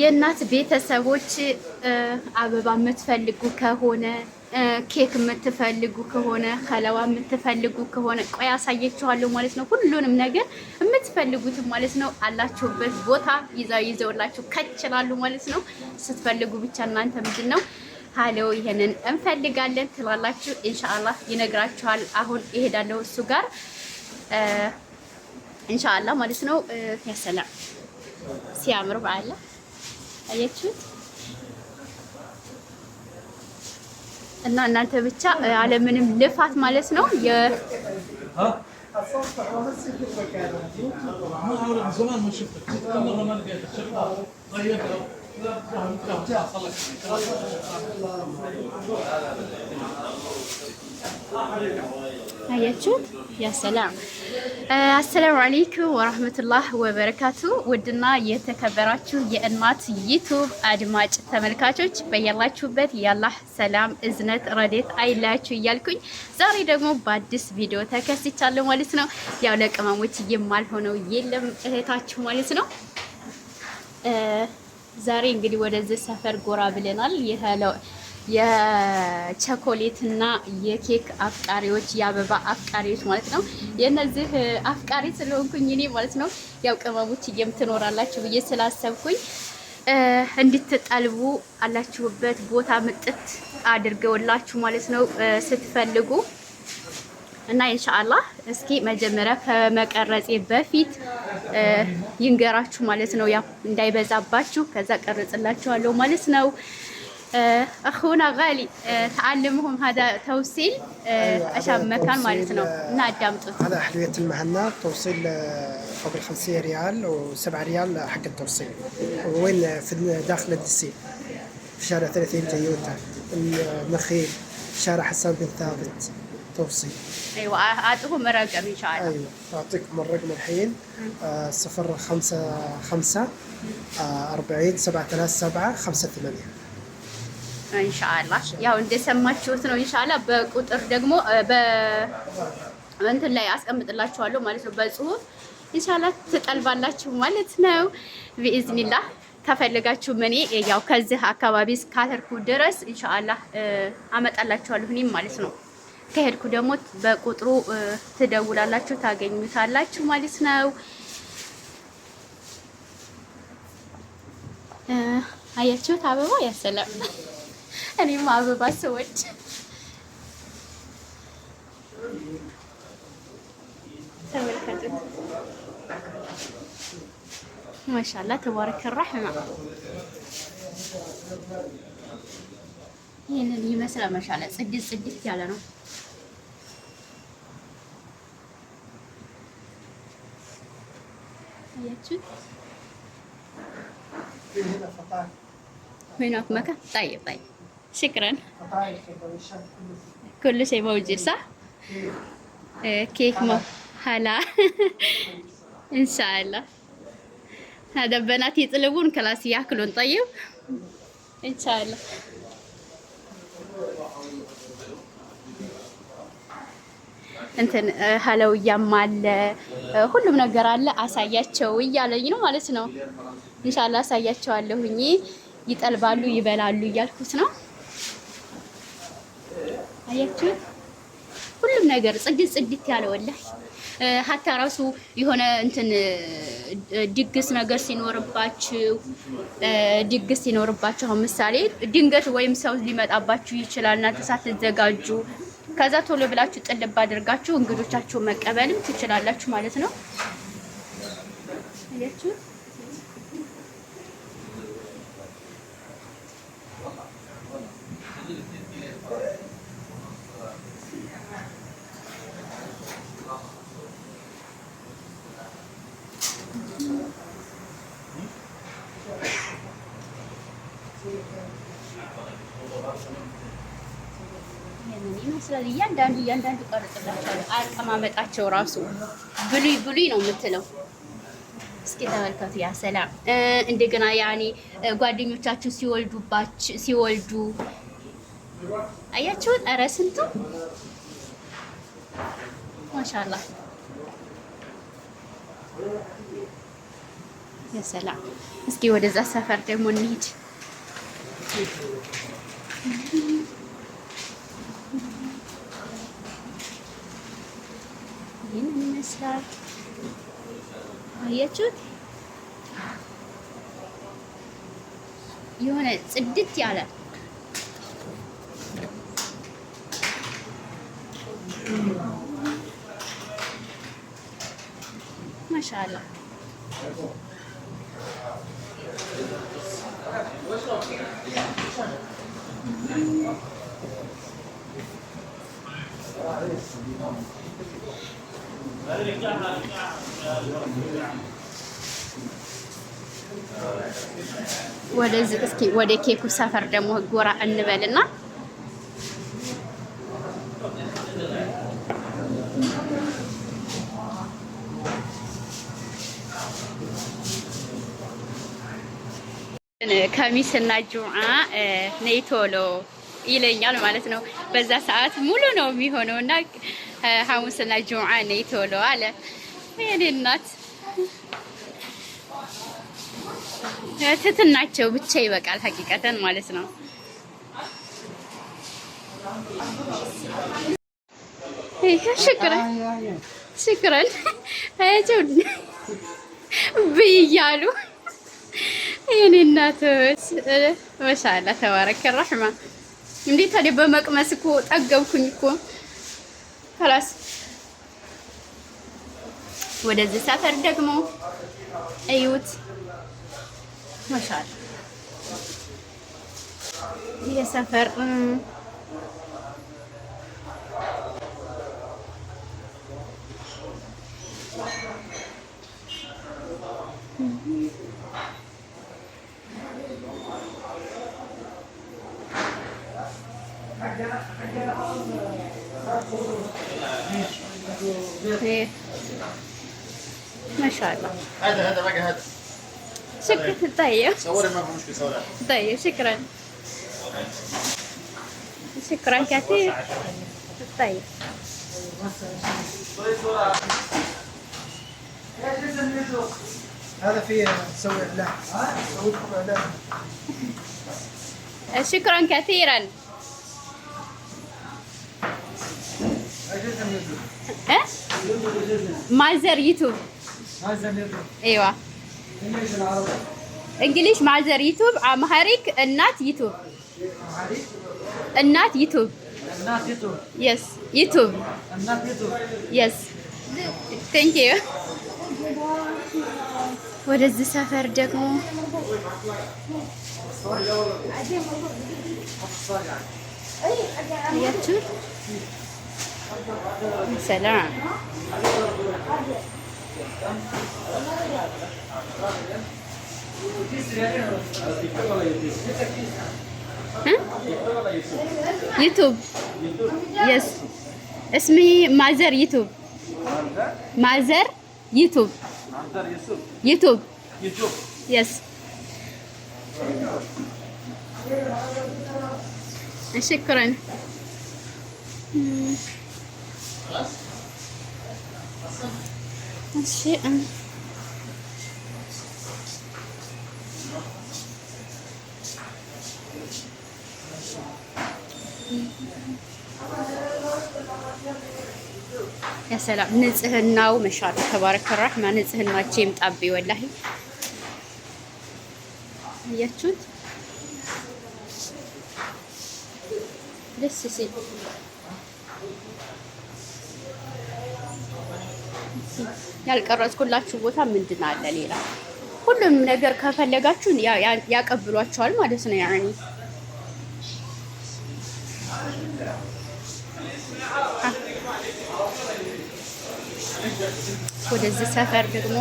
የእናት ቤተሰቦች አበባ የምትፈልጉ ከሆነ ኬክ የምትፈልጉ ከሆነ ከለዋ የምትፈልጉ ከሆነ ቆይ አሳየችኋለሁ ማለት ነው። ሁሉንም ነገር የምትፈልጉትም ማለት ነው አላችሁበት ቦታ ይዛ ይዘውላችሁ ከችላሉ ማለት ነው። ስትፈልጉ ብቻ እናንተ ምንድን ነው ሀለው ይሄንን እንፈልጋለን ትላላችሁ። ኢንሻአላህ ይነግራችኋል። አሁን ይሄዳለሁ እሱ ጋር ኢንሻአላህ ማለት ነው። ያሰላም ሲያምር በአለ አያችሁት። እና እናንተ ብቻ አለምንም ልፋት ማለት ነው አያችሁት። ያሰላም። አሰላሙ አለይኩም ወራህመቱላህ ወበረካቱ። ውድና የተከበራችሁ የእናት ዩቱብ አድማጭ ተመልካቾች በያላችሁበት ያላህ ሰላም፣ እዝነት፣ ረዴት አይለያችሁ እያልኩኝ ዛሬ ደግሞ በአዲስ ቪዲዮ ተከስቻለሁ ማለት ነው። ያው ለቅመሞች የማልሆነው የለም እህታችሁ ማለት ነው። ዛሬ እንግዲህ ወደዚህ ሰፈር ጎራ ብለናል። የቸኮሌትና የኬክ አፍቃሪዎች የአበባ አፍቃሪዎች ማለት ነው። የእነዚህ አፍቃሪ ስለሆንኩኝ እኔ ማለት ነው ያው ቅመሞች የምትኖራላችሁ ብዬ ስላሰብኩኝ እንድትጠልቡ አላችሁበት ቦታ ምጥት አድርገውላችሁ ማለት ነው ስትፈልጉ እና ኢንሻአላህ እስኪ መጀመሪያ ከመቀረጼ በፊት ይንገራችሁ ማለት ነው። ያው እንዳይበዛባችሁ ከዛ ቀርጽላችኋለሁ ማለት ነው። آه، اخونا غالي آه، تعلمهم هذا توصيل آه، أيوة، عشان مكان مالت نادم توصيل هذا حلويه المهنا توصيل فوق ال 50 ريال و7 ريال حق التوصيل وين في داخل الدسي في شارع 30 تيوتا النخيل شارع حسان بن ثابت توصيل ايوه اعطيهم الرقم ان شاء الله ايوه اعطيكم الرقم الحين 055 40 737 58 እንሻላ ያው እንደሰማችሁት ነው። እንሻላ በቁጥር ደግሞ በእንትን ላይ አስቀምጥላችኋለሁ ማለት ነው። በጽሁፍ እንሻላ ትጠልባላችሁ ማለት ነው። ቢኢዝኒላህ ከፈለጋችሁም እኔ ያው ከዚህ አካባቢ እስካተርኩ ድረስ እንሻላ አመጣላችኋለሁ እኔም ማለት ነው። ከሄድኩ ደግሞ በቁጥሩ ትደውላላችሁ፣ ታገኙታላችሁ ማለት ነው። አያችሁት አበባ ያሰላም እኔም አበባ ሰዎች ተመልከቱት። ማሻላ ተባረከ ራሕማ ይህንን ይመስላል። ማሻላ ጽድት ጽድት ያለ ነው። አያችሁት? ወይናት መካ ጣይ ጣይ ሽክረን ኩሉ ሸይ መውጅድ ሳ ኬክ ሀላ እንሻላ هذا البنات يطلبون كلاس ياكلون طيب ان شاء الله እንትን ሀለውያም አለ ሁሉም ነገር አለ። አሳያቸው እያለኝ ነው ማለት ነው። ኢንሻአላህ አሳያቸዋለሁኝ። ይጠልባሉ ይበላሉ እያልኩት ነው። አያችሁ፣ ሁሉም ነገር ጽድት ጽድት ያለ ወላሂ ሀታ ራሱ የሆነ እንትን ድግስ ነገር ሲኖርባችሁ ድግስ ሲኖርባችሁ አሁን ምሳሌ ድንገት ወይም ሰው ሊመጣባችሁ ይችላል። እናንተ ሳትዘጋጁ ከዛ ቶሎ ብላችሁ ጥልብ አድርጋችሁ እንግዶቻችሁ መቀበልም ትችላላችሁ ማለት ነው። ይመስላል። እያንዳንዱ እያንዳንዱ ቀርጽላቸዋለሁ። አቀማመጣቸው ራሱ ብሉይ ብሉይ ነው የምትለው። እስኪ ተመልከቱ። ያ ሰላም እንደገና ያኔ ጓደኞቻችሁ ሲወልዱባች ሲወልዱ አያችሁት? ኧረ ስንቱ ማሻአላህ የሰላም። እስኪ ወደዛ ሰፈር ደግሞ እንሂድ። ይህንን ይመስላል። አያችሁት? የሆነ ጽድት ያለ ማሻአላህ ወደዚህ እስኪ ወደ ኬኩ ሰፈር ደግሞ ጎራ እንበልና ከሚስና ጁምዓ ነይ ቶሎ ይለኛል ማለት ነው። በዛ ሰዓት ሙሉ ነው የሚሆነው እና ሐሙስና ጁምዓ ነይ ቶሎ አለ የኔ እናት ትትናቸው ብቻ ይበቃል። ሀቂቀተን ማለት ነው። ሽክረን ሽክረን አያቸው የኔ መሻላ ተባረከ እንዴት ታዲያ በመቅመስ እኮ ጠገብኩኝ እኮ ከላስ ወደዚህ ሰፈር ደግሞ እዩት። هي سفر የሰፈር إيه. ما شاء الله هذا هذا بقى هذا شكرا طيب صوري ما فيهمش مشكل طيب شكرا شكرا كثير طيب, طيب، هذا فيه تسوي اعلان شكرا كثيرا إيه؟ مايزر يوتيوب مايزر يوتيوب ايوه እንግሊሽ ማዘር ዩቱብ አማሃሪክ እናት ዩቱብ እናት ዩቱብ የስ ዩቱብ የስ ቴንክ ዩ ወደዚህ ሰፈር ደግሞ አያችሁ ሰላም يوتيوب يس اسمي معزر يوتيوب معزر يوتيوب يوتيوب يس شكرا خلاص እሺ ያሰላም um. ንጽህናው መሻል ተባረከ ራህማን ንጽህናቸው ይምጣብ። ወላሂ አያችሁት ደስ ሲል ያልቀረጽኩላችሁ ቦታ ምንድን አለ ሌላ? ሁሉም ነገር ከፈለጋችሁ ያቀብሏቸዋል ማለት ነው። ያኒ ወደዚህ ሰፈር ደግሞ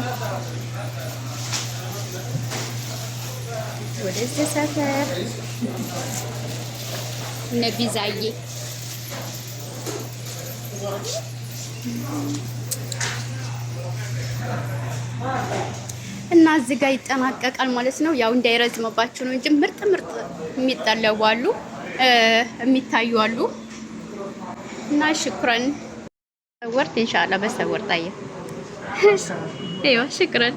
ወደዚህ ሰፈር እነ ቢዛዬ እና እዚህ ጋር ይጠናቀቃል ማለት ነው። ያው እንዳይረዝምባችሁ ነው እንጂ ምርጥ ምርጥ የሚጠለቡ አሉ፣ የሚታዩ አሉ። እና ሽኩረን ወርት እንሻላ በሰወር ታየ አይዋ ሽኩረን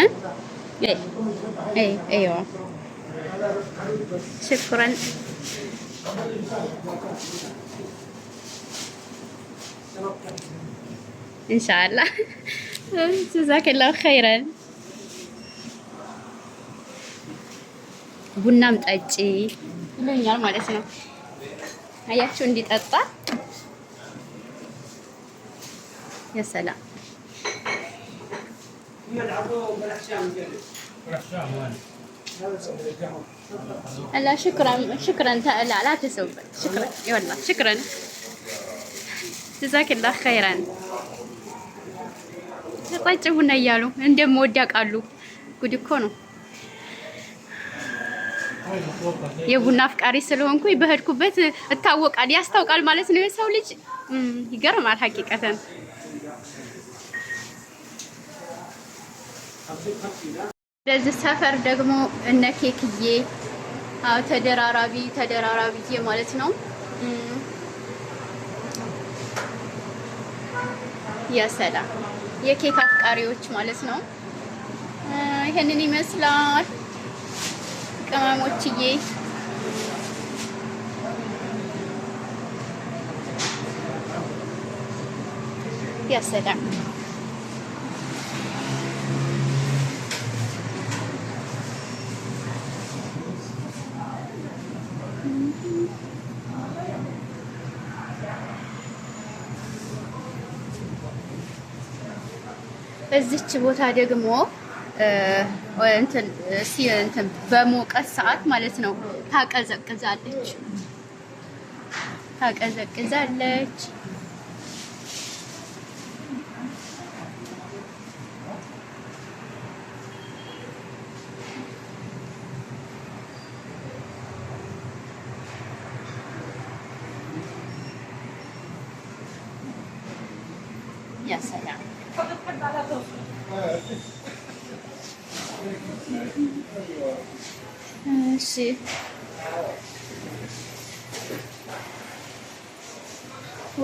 እ አይዋ ሽኩረን ان شاء الله جزاك الله خيرا ቡናም ጠጪ ይለኛል ማለት ነው። አያችሁ እንዲጠጣ የሰላም لا شكرا شكرا لا لا تسب شكرا والله شكرا جزاك الله خيرا ተቋጭ ቡና እያሉ እንደምወድ ያውቃሉ። ጉድ እኮ ነው። የቡና አፍቃሪ ስለሆንኩኝ በሄድኩበት እታወቃል፣ ያስታውቃል ማለት ነው። የሰው ልጅ ይገርማል። ሀቂቀተን በዚህ ሰፈር ደግሞ እነ ኬክዬ ተደራራቢ ተደራራቢዬ ማለት ነው ያሰላ የኬክ አፍቃሪዎች ማለት ነው። ይሄንን ይመስላል ቅመሞችዬ። ያሰዳል እዚች ቦታ ደግሞ እንትን በሞቀት ሰዓት ማለት ነው ታቀዘቅዛለች ታቀዘቅዛለች።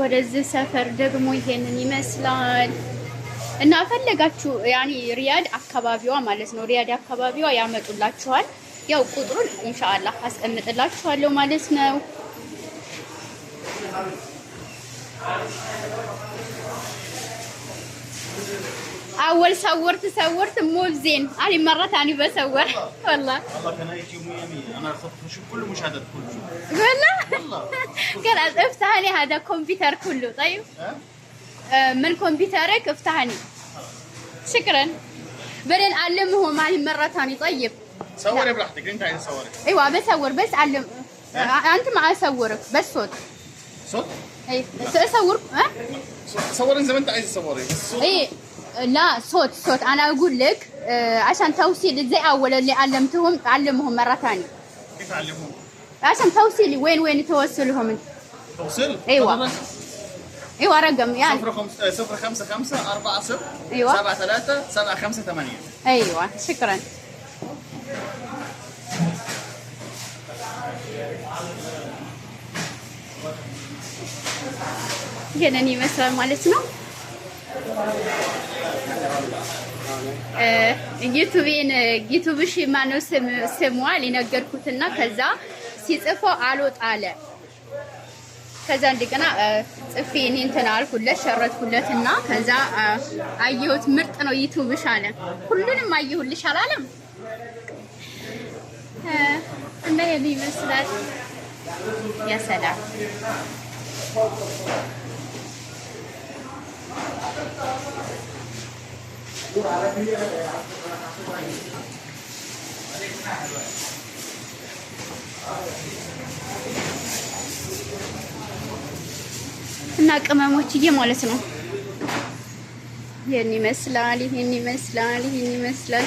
ወደዚህ ሰፈር ደግሞ ይሄንን ይመስላል እና ፈለጋችሁ ያኔ ሪያድ አካባቢዋ ማለት ነው። ሪያድ አካባቢዋ ያመጡላችኋል። ያው ቁጥሩን ኢንሻአላህ አስቀምጥላችኋለሁ ማለት ነው። اول صورت صورت مو بزين هذه مره ثانيه بصور والله والله كان يجي 100 انا اخذت شوف كل مشاهدات كله والله والله قال افتح لي هذا الكمبيوتر كله طيب أه، من كمبيوترك افتحني شكرا بعدين علمهم هذه مره ثانيه طيب صوري براحتك انت عايز صورك ايوه بصور بس علم أه؟ انت ما اصورك بس صوت صوت؟ اي بس اصور ها؟ أه؟ زي ما انت عايز تصوري بس صوت ايه لا صوت صوت انا اقول لك آه، عشان توصيل زي اول اللي علمتهم علمهم مره ثانيه كيف علمهم؟ عشان توصيل وين وين توصلهم انت؟ توصل؟ ايوه ايوه رقم يعني 0 5 0 5 5 4 0 ايوه 7 3 7 5 8 ايوه شكرا ገነን ይመስላል ማለት ነው። ዩቱቤን ዩቱብሽ ማነው ስሟ ሊነገርኩትና ከዛ ሲጽፎ አልወጣ አለ። ከዛ እንደገና ጽፌ እኔ እንትን አልኩለት ሸረትኩለት እና ከዛ አየሁት። ምርጥ ነው ዩቱብሽ አለ። ሁሉንም አየሁልሽ አላለም እና ይሄን ይመስላል ያሰላል እና ቅመሞችዬ ማለት ነው። ይህን ይመስላል። ይህን ይመስላል። ይህን ይመስላል።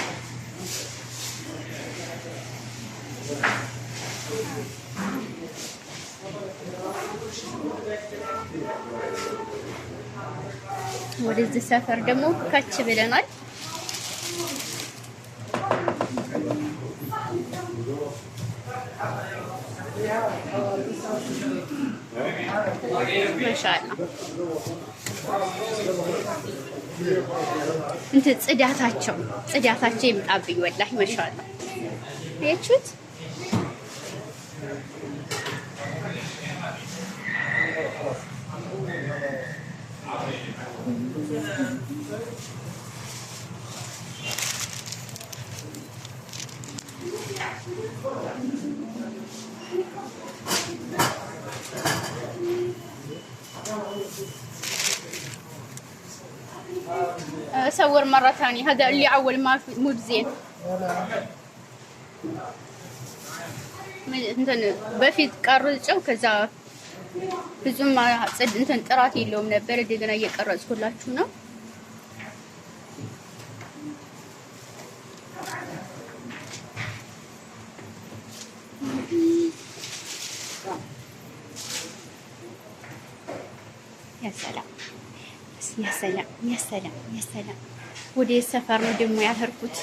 ወደዚህ ሰፈር ደግሞ ከች ብለናል። እንትን ጽዳታቸው ጽዳታቸው ይምጣብኝ ወላሂ መሻላ ያችሁት ندور مرة ثانية هذا اللي أول ما في مو بزين انتن بفيت قرز او كذا بزوم ما صد انتن طرات يلوم نبر دي غنا يقرز كلاتو نو يا سلام يا سلام يا سلام يا سلام ወደ ሰፈር ነው ደግሞ ያልሄድኩት።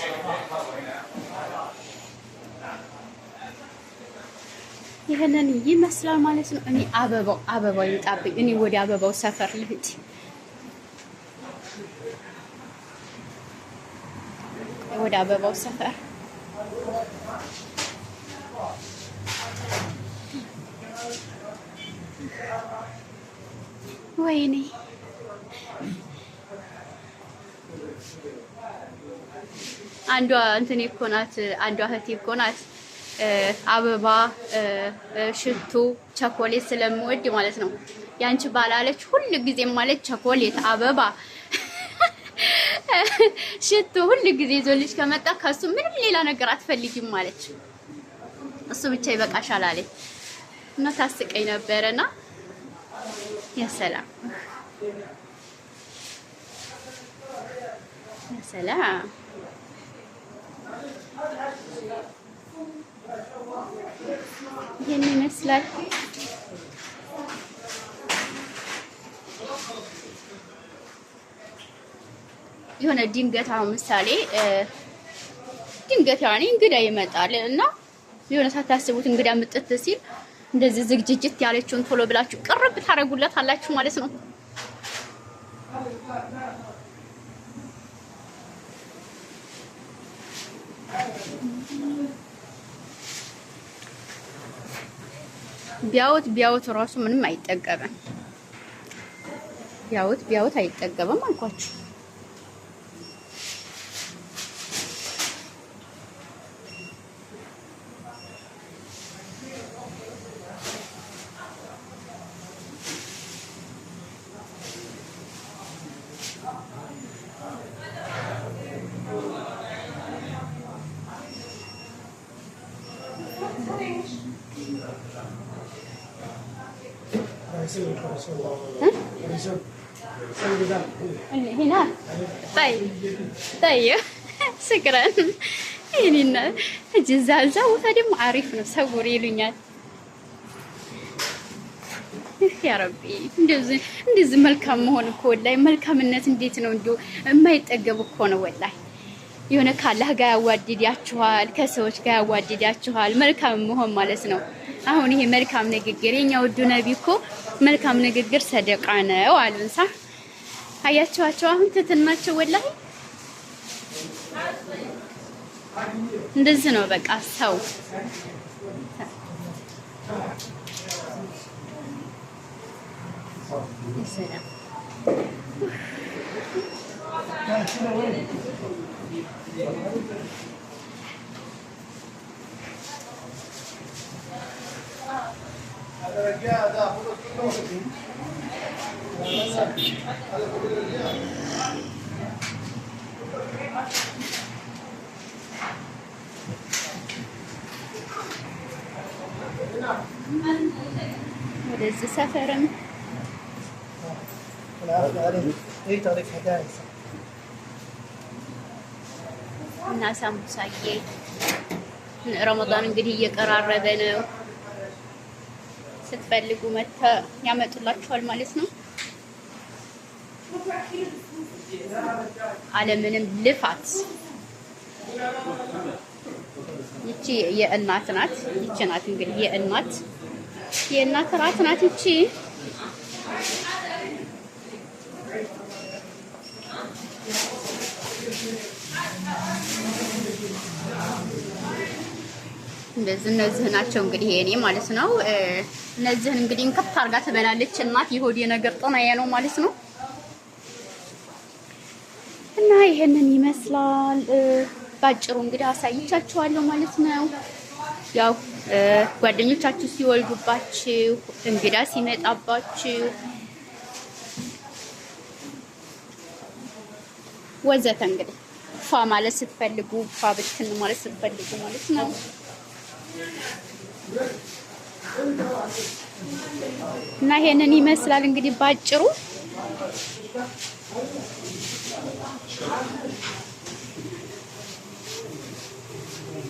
ይህንን ይመስላል ማለት ነው። እኔ አበባው አበባው ይምጣብኝ። እኔ ወደ አበባው ሰፈር ልሂድ። ወደ አበባው ሰፈር ወይኔ አንዷ እንትን እኮ ናት፣ አንዷ እህቴ እኮ ናት አበባ፣ ሽቱ ቸኮሌት ስለምወድ ማለት ነው። ያንቺ ባላለች ሁል ጊዜ ማለት ቸኮሌት፣ አበባ፣ ሽቶ ሁል ጊዜ ይዞልሽ ከመጣ ከሱ ምንም ሌላ ነገር አትፈልጊም ማለች። እሱ ብቻ ይበቃሻል አለ እና ታስቀኝ ነበረና ያሰላም ሰላም ይህን ይመስላል። የሆነ ድንገት አሁን ምሳሌ ድንገት ያኔ እንግዳ ይመጣል እና የሆነ ሳታስቡት እንግዳ ምጥት ሲል እንደዚህ ዝግጅጅት ያለችውን ቶሎ ብላችሁ ቅርብ ታደርጉለት አላችሁ ማለት ነው። ቢያውት ቢያውት እራሱ ምንም አይጠገብም። ቢያውት ቢያውት አይጠገብም አልኳችሁ። ፍቅረን ይህኔና እዛ ቦታ ደግሞ አሪፍ ነው። ሰውር ይሉኛል። ያ ረቢ እንደዚህ መልካም መሆን እኮ ወላሂ መልካምነት እንዴት ነው እንዲሁ የማይጠገብ እኮ ነው ወላሂ። የሆነ ካላህ ጋር ያዋድዳችኋል፣ ከሰዎች ጋር ያዋድዳችኋል። መልካም መሆን ማለት ነው። አሁን ይሄ መልካም ንግግር የኛ ውዱ ነቢ እኮ መልካም ንግግር ሰደቃ ነው አሉንሳ። አያችኋቸው አሁን ትትናቸው ወላሂ እንደዚህ ነው በቃ ሰው እዚህ ሰፈርም እና ሳምቡሳዬ ረመዳን እንግዲህ እየቀራረበ ነው። ስትፈልጉ መተ ያመጡላችኋል ማለት ነው። አለምንም ልፋት ይቺ የእናት ናት። ይቺ ናት እንግዲህ የእናት የእናት ራት ናት ይቺ። እንደዚህ እነዚህ ናቸው እንግዲህ የኔ ማለት ነው። እነዚህን እንግዲህ እንከብት አድርጋ ትበላለች እናት። የሆዴ ነገር ጦናዬ ነው ማለት ነው። እና ይሄንን ይመስላል ባጭሩ እንግዲህ አሳይቻችኋለሁ ማለት ነው ያው ጓደኞቻችሁ ሲወልዱባችሁ፣ እንግዳ ሲመጣባችሁ ወዘተ እንግዲህ ፋ ማለት ስትፈልጉ ፋ ብትን ማለት ስትፈልጉ ማለት ነው። እና ይሄንን ይመስላል እንግዲህ ባጭሩ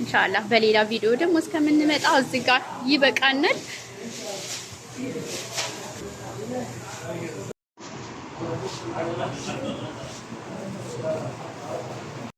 እንሻላ በሌላ ቪዲዮ ደግሞ እስከምንመጣ እዚህ ጋር ይበቃናል።